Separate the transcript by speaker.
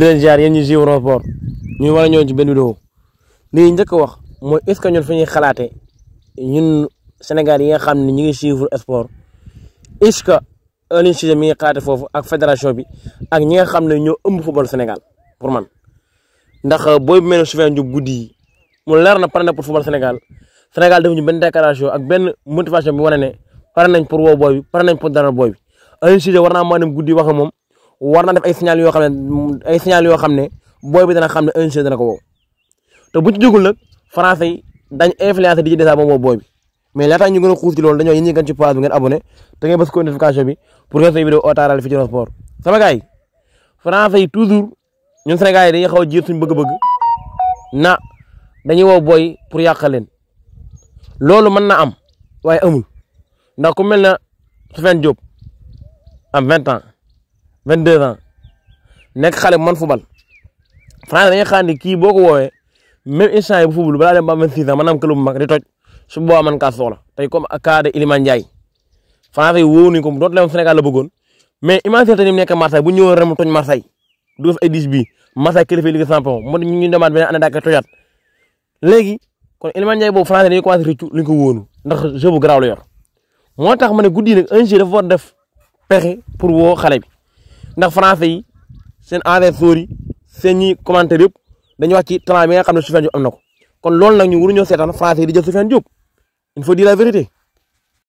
Speaker 1: di leen jaar yéen ñu suivre rapport ñu war a ñëw ci benn vidéo li ñu wax mooy est ce que ñun fi ñuy xalaatee ñun Sénégal yi nga xam ne ñu ngi suivre sport est ce que Aliou mi ngi xalaate foofu ak fédération bi ak ñi nga xam ne ñoo ëmb football Sénégal pour man ndax euh, booy bu mel ne Soufiane Diop guddi yi mu leer na pare na pour football Sénégal Sénégal def ñu benn déclaration ak benn motivation bi wane ne pare nañ pour woo booy bi pare nañ pour dara booy bi Aliou Cissé war naa maa guddi wax moom. war na def ay signal yoo xam ne ay yoo xam ne booy bi dana xam ne un jeu dana ko wow te bu ci jógul nag français yi dañ influencé di ci dèjà moom woo booy bi mais laataa ñu gën a xuus ci loolu dañoo yéen ñi gën ci page bi ngeen abonné te ngeen bës bi pour ngeen say vidéo otaaral fii ci sport sama yi toujours ñun Sénégal yi dañuy xaw a jiir suñu bëgg-bëgg na dañuy woo booy pour yàqal leen loolu mën na am waaye amul ndax ku mel na Sofiane Diop am 20 ans 22 ans nekk xale man fubal Franc dañuy xaar kii boo ko woowee même instant yi bu fubal balaa dem ba am 26 ans maanaam club bu mag di toj su boobaa man kaa soxla tey comme cas de Iliman Ndiaye Franc yi ko dootu leen Sénégal la bëggoon mais imagine te ni mu nekk Marseille bu ñëwoon ren mu toj Marseille du def ay 10 bii Marseille kilifa yi Ligue des Champions ñu demaat beneen année daa koy tojaat léegi kon Iliman Ndiaye boobu Franc dañuy commencé rëccu li ko wóonu ndax jeu bu garaaw la moo tax ma ne guddi nag un jour dafa pour woo xale bi. ndax français yi seen envers yi seen ñi commentaire yëpp dañu wax ci talent bi nga xam ne Soufiane Diop am na ko kon loolu nag ñu waruñoo seetaan français yi di jël Soufiane Diop il faut dire la vérité